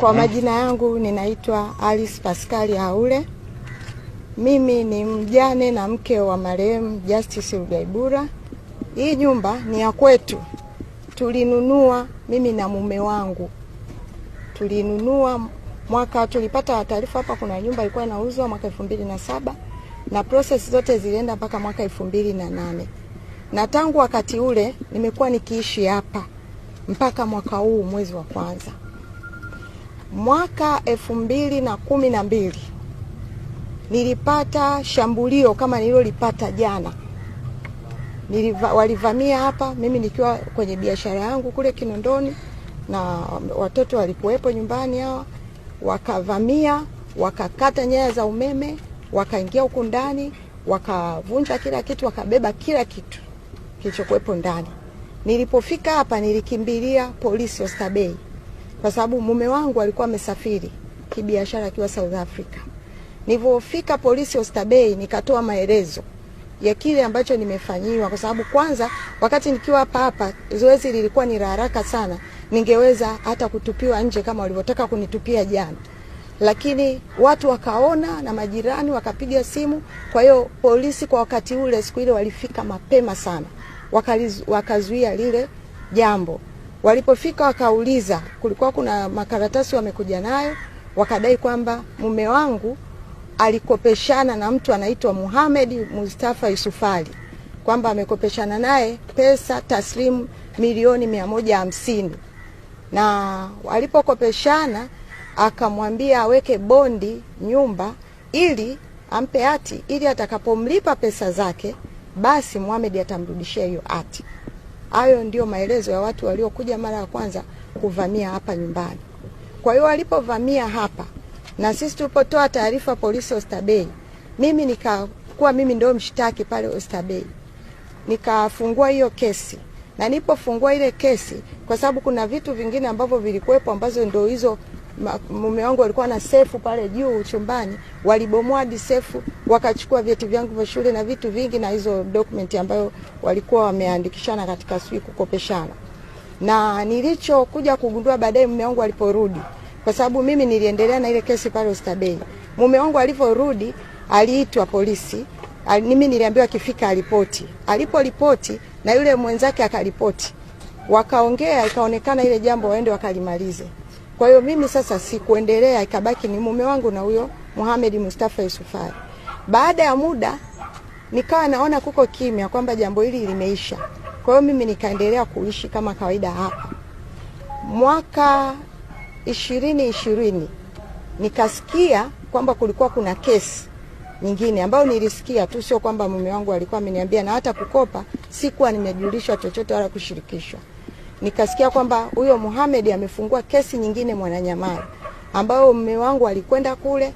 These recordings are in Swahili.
Kwa majina yangu ninaitwa Alice Pascal Haule. Mimi ni mjane na mke wa marehemu Justice Rugaibura. Hii nyumba ni ya kwetu, tulinunua mimi na mume wangu, tulinunua mwaka, tulipata taarifa hapa kuna nyumba ilikuwa inauzwa mwaka elfu mbili na saba na process zote zilienda mpaka mwaka elfu mbili na nane na tangu wakati ule nimekuwa nikiishi hapa mpaka mwaka huu mwezi wa kwanza mwaka elfu mbili na kumi na mbili nilipata shambulio kama nililolipata jana. Niliva, walivamia hapa mimi nikiwa kwenye biashara yangu kule Kinondoni na watoto walikuwepo nyumbani hawa, wakavamia wakakata nyaya za umeme, wakaingia huku ndani, wakavunja kila kitu, wakabeba kila kitu kilichokuwepo ndani. Nilipofika hapa nilikimbilia polisi Oysterbay kwa sababu mume wangu alikuwa amesafiri kibiashara akiwa South Africa. Nilipofika polisi Oysterbay nikatoa maelezo ya kile ambacho nimefanyiwa, kwa sababu kwanza, wakati nikiwa hapa hapa zoezi lilikuwa ni la haraka sana, ningeweza hata kutupiwa nje kama walivyotaka kunitupia jana, lakini watu wakaona na majirani wakapiga simu. Kwa hiyo polisi kwa wakati ule siku ile walifika mapema sana, wakazuia lile jambo. Walipofika wakauliza, kulikuwa kuna makaratasi wamekuja nayo, wakadai kwamba mume wangu alikopeshana na mtu anaitwa Muhamed Mustafa Yusufali, kwamba amekopeshana naye pesa taslimu milioni mia moja hamsini na walipokopeshana akamwambia aweke bondi nyumba ili ampe hati ili atakapomlipa pesa zake basi Muhamed atamrudishia hiyo hati. Hayo ndio maelezo ya watu waliokuja mara ya kwanza kuvamia hapa nyumbani. Kwa hiyo walipovamia hapa na sisi tulipotoa taarifa polisi Oysterbay, mimi nikakuwa mimi ndio mshtaki pale Oysterbay, nikafungua hiyo kesi na nilipofungua ile kesi, kwa sababu kuna vitu vingine ambavyo vilikuwepo ambazo ndio hizo mume wangu walikuwa na sefu pale juu chumbani, walibomoa hadi sefu, wakachukua vyeti vyangu vya shule na vitu vingi, na hizo document ambayo walikuwa wameandikishana katika sui kukopeshana. Na nilichokuja kugundua baadaye, mume wangu aliporudi, kwa sababu mimi niliendelea na ile kesi pale Oysterbay. Mume wangu aliporudi, aliitwa polisi Al, mimi niliambiwa akifika alipoti. Aliporipoti na yule mwenzake akaripoti, wakaongea, ikaonekana ile jambo waende wakalimalize. Kwa hiyo mimi sasa sikuendelea, ikabaki ni mume wangu na huyo Mohamed Mustafa Yusufari. Baada ya muda nikawa naona kuko kimya kwamba jambo hili limeisha. Kwa hiyo mimi nikaendelea kuishi kama kawaida hapa. Mwaka ishirini ishirini nikasikia kwamba kulikuwa kuna kesi nyingine ambayo nilisikia tu, sio kwamba mume wangu alikuwa ameniambia, na hata kukopa sikuwa nimejulishwa chochote wala kushirikishwa nikasikia kwamba huyo Mohamed amefungua kesi nyingine Mwananyamala, ambayo mume wangu alikwenda kule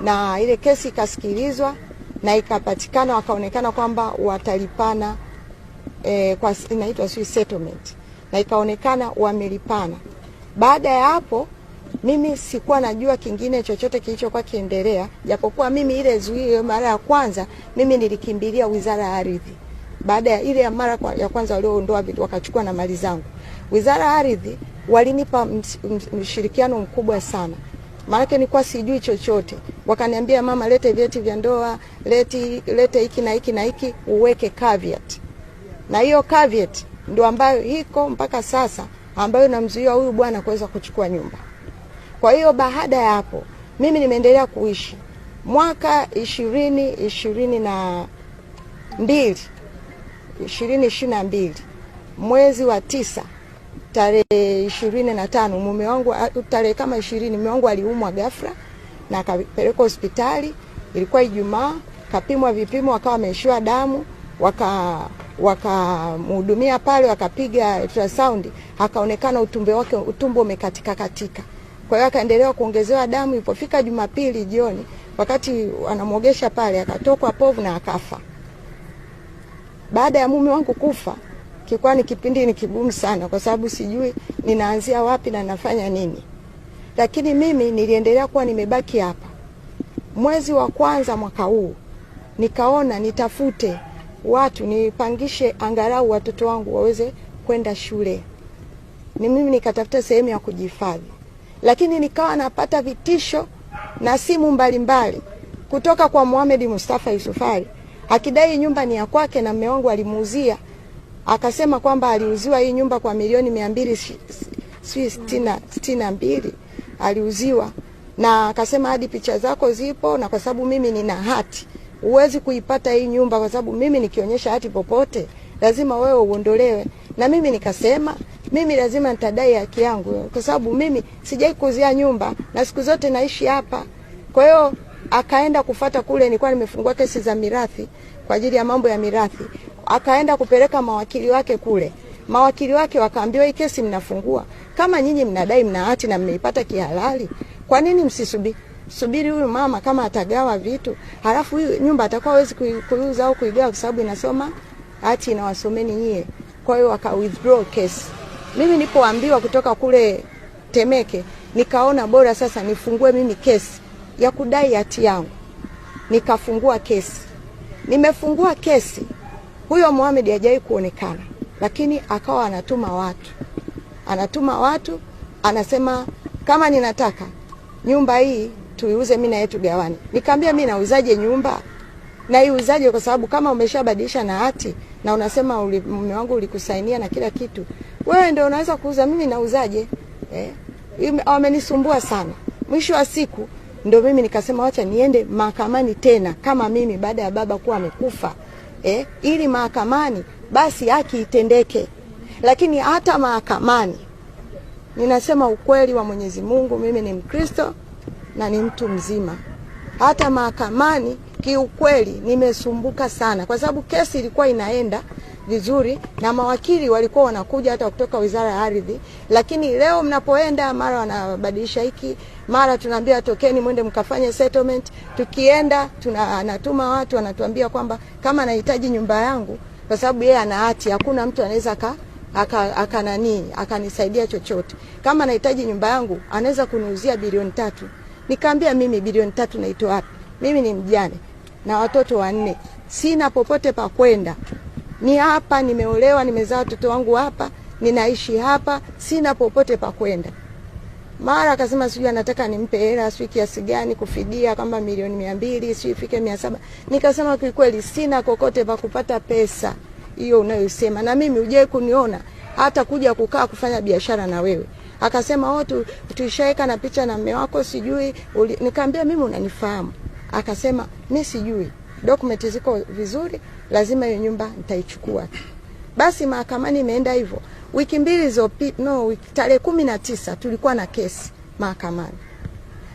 na ile kesi ikasikilizwa na ikapatikana, wakaonekana kwamba watalipana e, kwa inaitwa sio settlement, na ikaonekana wamelipana. Baada ya hapo mimi sikuwa najua kingine chochote kilichokuwa kiendelea, japokuwa mimi ile zuio mara ya kwanza mimi nilikimbilia Wizara ya Ardhi baada ya ile ya mara kwa, ya kwanza walioondoa wakachukua na mali zangu. Wizara ya Ardhi walinipa mshirikiano mkubwa sana, maanake nilikuwa sijui chochote. Wakaniambia, mama, lete vyeti vya ndoa, leti lete hiki na hiki na hiki, uweke caveat, na hiyo caveat ndio ambayo iko mpaka sasa, ambayo namzuia huyu bwana kuweza kuchukua nyumba. Kwa hiyo baada ya hapo mimi nimeendelea kuishi mwaka ishirini ishirini na mbili ishirini ishirini na mbili mwezi wa tisa tarehe ishirini na tano mume wangu tarehe kama ishirini mume wangu aliumwa ghafla na akapelekwa hospitali. Ilikuwa Ijumaa, kapimwa vipimo, akawa ameishiwa damu, waka wakamhudumia pale, wakapiga ultrasound, akaonekana utumbe wake utumbo umekatika katika. Kwa hiyo akaendelea kuongezewa damu. Ilipofika Jumapili jioni, wakati anamwogesha pale, akatokwa povu na akafa. Baada ya mume wangu kufa, kikuwa ni kipindi ni kigumu sana, kwa sababu sijui ninaanzia wapi na nafanya nini, lakini mimi niliendelea kuwa nimebaki hapa. Mwezi wa kwanza mwaka huu nikaona nitafute watu nipangishe angalau watoto wangu waweze kwenda shule, ni mimi nikatafuta sehemu ya kujihifadhi, lakini nikawa napata vitisho na simu mbalimbali mbali kutoka kwa muhamed Mustafa Yusufali akidai nyumba ni ya kwake na mume wangu alimuuzia, akasema kwamba aliuziwa hii nyumba kwa milioni mia mbili sitini na mbili aliuziwa, na akasema hadi picha zako zipo, na kwa sababu mimi nina hati huwezi kuipata hii nyumba kwa sababu mimi nikionyesha hati popote lazima wewe uondolewe. Na mimi nikasema mimi lazima nitadai haki yangu, kwa sababu mimi sijai kuuzia nyumba na siku zote naishi hapa, kwa hiyo akaenda kufata kule, nilikuwa nimefungua kesi za mirathi kwa ajili ya mambo ya mirathi, akaenda kupeleka mawakili wake kule. Mawakili wake wakaambiwa, hii kesi mnafungua kama nyinyi mnadai mna hati na mmeipata kihalali, kwa nini msisubiri subiri huyu mama kama atagawa vitu, halafu huyu nyumba atakuwa hawezi kuuza au kuigawa kwa sababu inasoma hati inawasomeni nyie. Kwa hiyo waka withdraw case. Mimi nipoambiwa kutoka kule Temeke, nikaona bora sasa nifungue mimi kesi ya kudai hati yangu, nikafungua kesi. Nimefungua kesi, huyo Mohamed hajawahi kuonekana, lakini akawa anatuma watu, anatuma watu, anasema kama ninataka nyumba hii tuiuze, mimi na yetu gawani. Nikamwambia mimi nauzaje nyumba naiuzaje? Kwa sababu kama umeshabadilisha na hati na unasema uli, mume wangu ulikusainia na kila kitu, wewe ndio unaweza kuuza, mimi nauzaje? Eh, wamenisumbua sana. Mwisho wa siku ndio mimi nikasema wacha niende mahakamani tena, kama mimi baada ya baba kuwa amekufa eh, ili mahakamani basi haki itendeke. Lakini hata mahakamani, ninasema ukweli wa Mwenyezi Mungu, mimi ni Mkristo na ni mtu mzima. Hata mahakamani kiukweli nimesumbuka sana, kwa sababu kesi ilikuwa inaenda vizuri, na mawakili walikuwa wanakuja hata kutoka Wizara ya Ardhi, lakini leo mnapoenda, mara wanabadilisha hiki, mara tunaambia tokeni mwende mkafanye settlement. Tukienda tuna anatuma watu wanatuambia kwamba kama anahitaji nyumba yangu, kwa sababu yeye ana hati, hakuna mtu anaweza ka aka, aka nani akanisaidia chochote. Kama anahitaji nyumba yangu, anaweza kuniuzia bilioni tatu. Nikaambia mimi bilioni tatu naitoa wapi? Mimi ni mjane na watoto wanne, sina popote pa kwenda ni hapa, nimeolewa, nimezaa watoto wangu hapa, ninaishi hapa, sina popote pa kwenda. Mara akasema sijui anataka nimpe hela sijui kiasi gani kufidia kama milioni mia mbili sijui ifike mia saba. Nikasema kikweli, sina kokote pa kupata pesa hiyo unayosema, na mimi hujai kuniona hata kuja kukaa kufanya biashara na wewe. Akasema oh, tu, tuishaweka na picha na mme wako sijui. Nikamwambia mimi unanifahamu? Akasema mi sijui, dokumenti ziko vizuri lazima hiyo nyumba nitaichukua. Basi mahakamani imeenda hivyo. Wiki mbili zopi no, wiki tarehe kumi na tisa tulikuwa na kesi mahakamani,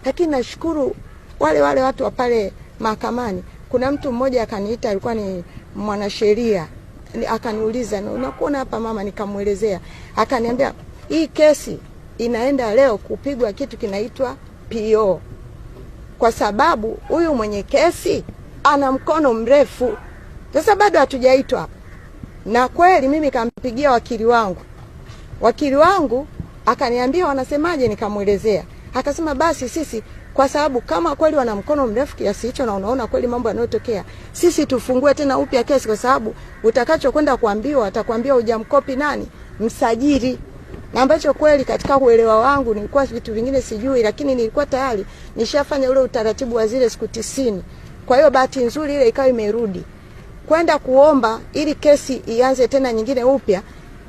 lakini nashukuru wale wale watu wa pale mahakamani. Kuna mtu mmoja akaniita, alikuwa ni mwanasheria, akaniuliza unakuona hapa mama, nikamwelezea. Akaniambia hii kesi inaenda leo kupigwa kitu kinaitwa PO kwa sababu huyu mwenye kesi ana mkono mrefu. Sasa bado hatujaitwa hapa, na kweli mimi kampigia wakili wangu, wakili wangu akaniambia wanasemaje, nikamwelezea akasema basi sisi kwa sababu kama kweli wana mkono mrefu kiasi hicho, na unaona kweli mambo yanayotokea, sisi tufungue tena upya kesi, kwa sababu utakachokwenda kuambiwa, atakwambia hujamkopi nani msajili, na ambacho kweli katika uelewa wangu nilikuwa vitu vingine sijui, lakini nilikuwa tayari nishafanya ule utaratibu wa zile siku tisini. Kwa hiyo bahati nzuri ile ikawa imerudi, kwenda kuomba ili kesi ianze tena nyingine upya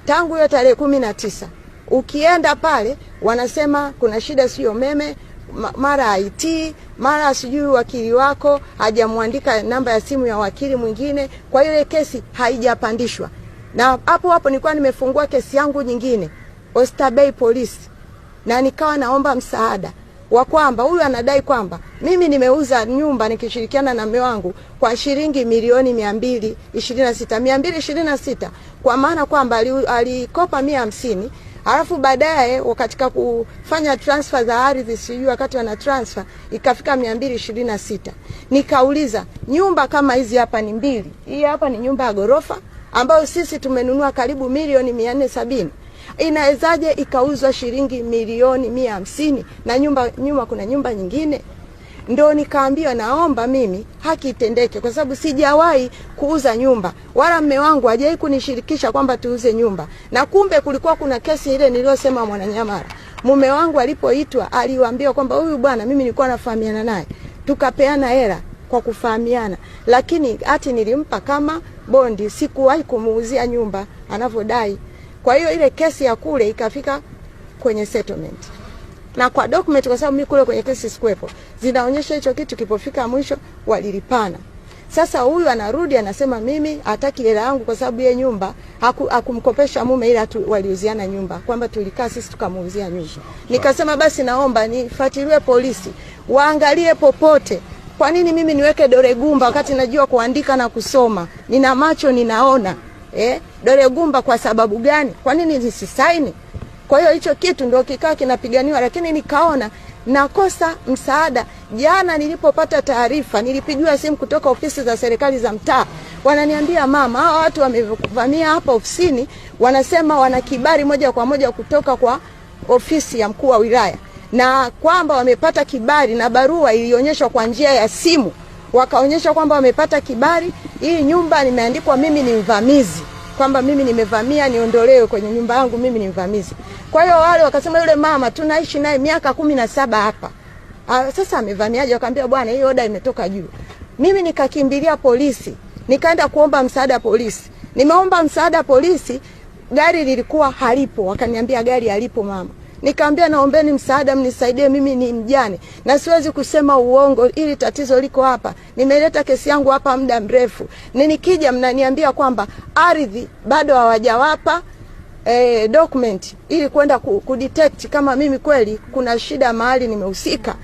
tangu hiyo tarehe kumi na tisa. Ukienda pale wanasema kuna shida, siyo meme mara IT mara sijui wakili wako hajamwandika namba ya simu ya wakili mwingine, kwa hiyo ile kesi haijapandishwa. Na hapo hapo nilikuwa nimefungua kesi yangu nyingine Oysterbay Polisi, na nikawa naomba msaada wa kwamba huyu anadai kwamba mimi nimeuza nyumba nikishirikiana na mume wangu kwa shilingi milioni mia mbili ishirini na sita mia mbili ishirini na sita kwa maana kwamba alikopa mia hamsini alafu baadaye katika kufanya transfer za ardhi, sijui wakati wana transfer ikafika mia mbili ishirini na sita. Nikauliza, nyumba kama hizi hapa ni mbili, hii hapa ni nyumba ya ghorofa ambayo sisi tumenunua karibu milioni mia nne sabini inawezaje ikauzwa shilingi milioni mia hamsini na nyumba nyuma kuna nyumba nyingine ndo nikaambiwa naomba mimi haki itendeke, kwa sababu sijawahi kuuza nyumba wala mme wangu hajawahi kunishirikisha kwamba tuuze nyumba. Na kumbe kulikuwa kuna kesi ile niliyosema mwananyamara mume wangu alipoitwa aliwaambiwa kwamba huyu bwana mimi nilikuwa nafahamiana naye, tukapeana hela kwa kufahamiana, lakini hati nilimpa kama bondi, sikuwahi kumuuzia nyumba anavyodai. Kwa hiyo ile kesi ya kule ikafika kwenye settlement na kwa document, kwa sababu mimi kule kwenye kesi sikuwepo, zinaonyesha hicho kitu kipofika mwisho walilipana. Sasa huyu anarudi anasema, mimi hataki hela yangu kwa sababu ye nyumba hakumkopesha haku mume, ila waliuziana nyumba, kwamba tulikaa sisi tukamuuzia nyumba. Nikasema basi naomba nifuatiliwe polisi, waangalie popote. Kwa nini mimi niweke dore gumba wakati najua kuandika na kusoma, nina macho ninaona eh? Dole gumba kwa sababu gani? Kwa nini zisisaini? Kwa hiyo hicho kitu ndio kikawa kinapiganiwa, lakini nikaona nakosa msaada. Jana nilipopata taarifa, nilipigiwa simu kutoka ofisi za serikali za mtaa, wananiambia mama, hao watu wamevamia hapa ofisini, wanasema wana kibali moja kwa moja kutoka kwa ofisi ya mkuu wa wilaya, na kwamba wamepata kibali na barua ilionyeshwa kwa njia ya simu, wakaonyesha kwamba wamepata kibali. Hii nyumba nimeandikwa mimi ni mvamizi kwamba mimi nimevamia niondolewe kwenye nyumba yangu, mimi ni mvamizi. Kwa hiyo wale wakasema yule mama tunaishi naye miaka kumi na saba hapa A, ah, sasa amevamiaje? Wakaambia bwana, hii oda imetoka juu. Mimi nikakimbilia polisi, nikaenda kuomba msaada polisi. Nimeomba msaada polisi, gari lilikuwa halipo, wakaniambia gari halipo mama. Nikaambia naombeni msaada, mnisaidie, mimi ni mjane na siwezi kusema uongo, ili tatizo liko hapa. Nimeleta kesi yangu hapa muda mrefu, ni nikija mnaniambia kwamba ardhi bado hawajawapa eh, document ili kwenda kudetect kama mimi kweli kuna shida mahali nimehusika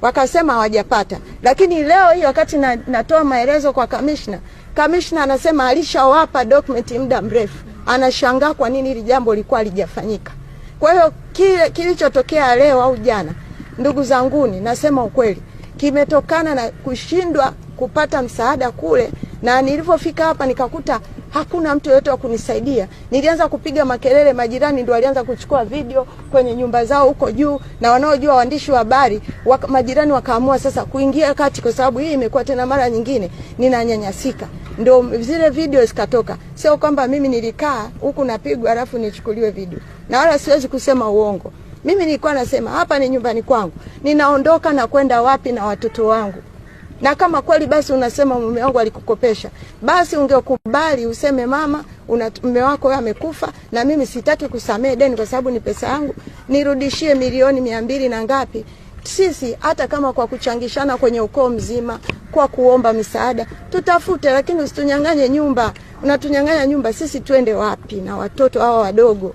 wakasema hawajapata, lakini leo hii wakati na, natoa maelezo kwa kamishna, kamishna anasema alishawapa dokumenti muda mrefu. Anashangaa kwa nini hili jambo lilikuwa lijafanyika. Kwa hiyo kile kilichotokea leo au jana, ndugu zanguni, nasema ukweli, kimetokana na kushindwa kupata msaada kule, na nilivyofika hapa nikakuta hakuna mtu yoyote wa kunisaidia. Nilianza kupiga makelele, majirani ndio walianza kuchukua video kwenye nyumba zao huko juu, na wanaojua waandishi wa habari waka, majirani wakaamua sasa kuingia kati, kwa sababu hii imekuwa tena mara nyingine ninanyanyasika, ndio zile video zikatoka. Sio kwamba mimi nilikaa huku napigwa alafu nichukuliwe video na wala siwezi kusema uongo. Mimi nilikuwa nasema hapa ni nyumbani kwangu, ninaondoka na kwenda wapi na watoto wangu? Na kama kweli basi unasema mume wangu alikukopesha, basi ungekubali useme mama, una mume wako wewe amekufa, na mimi sitaki kusamehe deni kwa sababu ni pesa yangu, nirudishie milioni mia mbili na ngapi. Sisi hata kama kwa kuchangishana kwenye ukoo mzima, kwa kuomba misaada tutafute, lakini usitunyang'anye nyumba. Unatunyang'anya nyumba, sisi twende wapi na watoto hawa wadogo?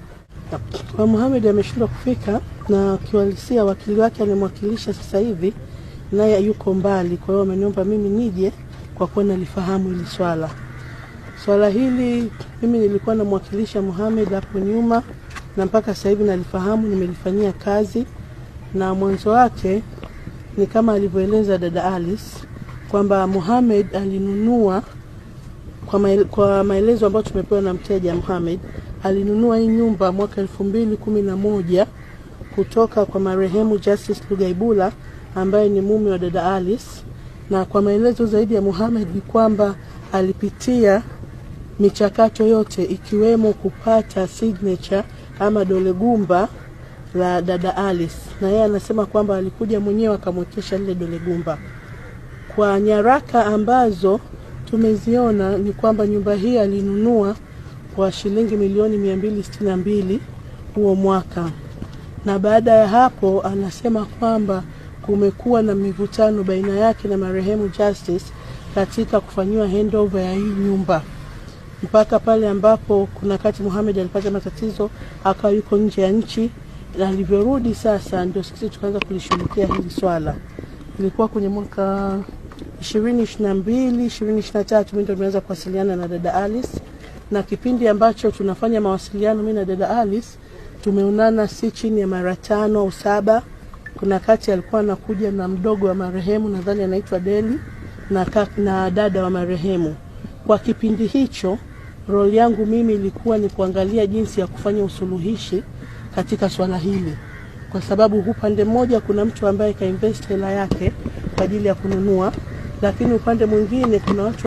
kwa Mohamed ameshindwa kufika, na ukiwalisia wakili wake anamwakilisha sasa hivi naye yuko mbali, kwa hiyo ameniomba mimi nije kwa kuwa nalifahamu hili swala. Swala hili mimi nilikuwa namwakilisha Mohamed hapo nyuma, na mpaka sasa hivi nalifahamu, nimelifanyia kazi, na mwanzo wake ni kama alivyoeleza dada Alice kwamba Mohamed alinunua kwa maelezo ambayo tumepewa na mteja Mohamed alinunua hii nyumba mwaka elfu mbili kumi na moja kutoka kwa marehemu Justice Lugaibula ambaye ni mume wa dada Alice, na kwa maelezo zaidi ya Muhamed ni kwamba alipitia michakato yote ikiwemo kupata signature ama dole gumba la dada Alice, na yeye anasema kwamba alikuja mwenyewe akamwekesha lile dole gumba. Kwa nyaraka ambazo tumeziona ni kwamba nyumba hii alinunua kwa shilingi milioni 262 huo mwaka, na baada ya hapo anasema kwamba kumekuwa na mivutano baina yake na marehemu Justice katika kufanyiwa handover ya hii nyumba mpaka pale ambapo kuna kati Mohamed alipata matatizo akawa yuko nje ya nchi, na alivyorudi sasa ndio sisi tukaanza kulishughulikia hili swala. Ilikuwa kwenye mwaka 2022 2023 mimi ndio nimeanza kuwasiliana na dada Alice na kipindi ambacho tunafanya mawasiliano mimi na dada Alice tumeonana si chini ya mara tano au saba. Kuna kati alikuwa anakuja na mdogo wa marehemu nadhani anaitwa Deli na, na dada wa marehemu. Kwa kipindi hicho roli yangu mimi ilikuwa ni kuangalia jinsi ya kufanya usuluhishi katika swala hili, kwa sababu upande mmoja kuna mtu ambaye kainvest hela yake kwa ajili ya kununua, lakini upande mwingine kuna watu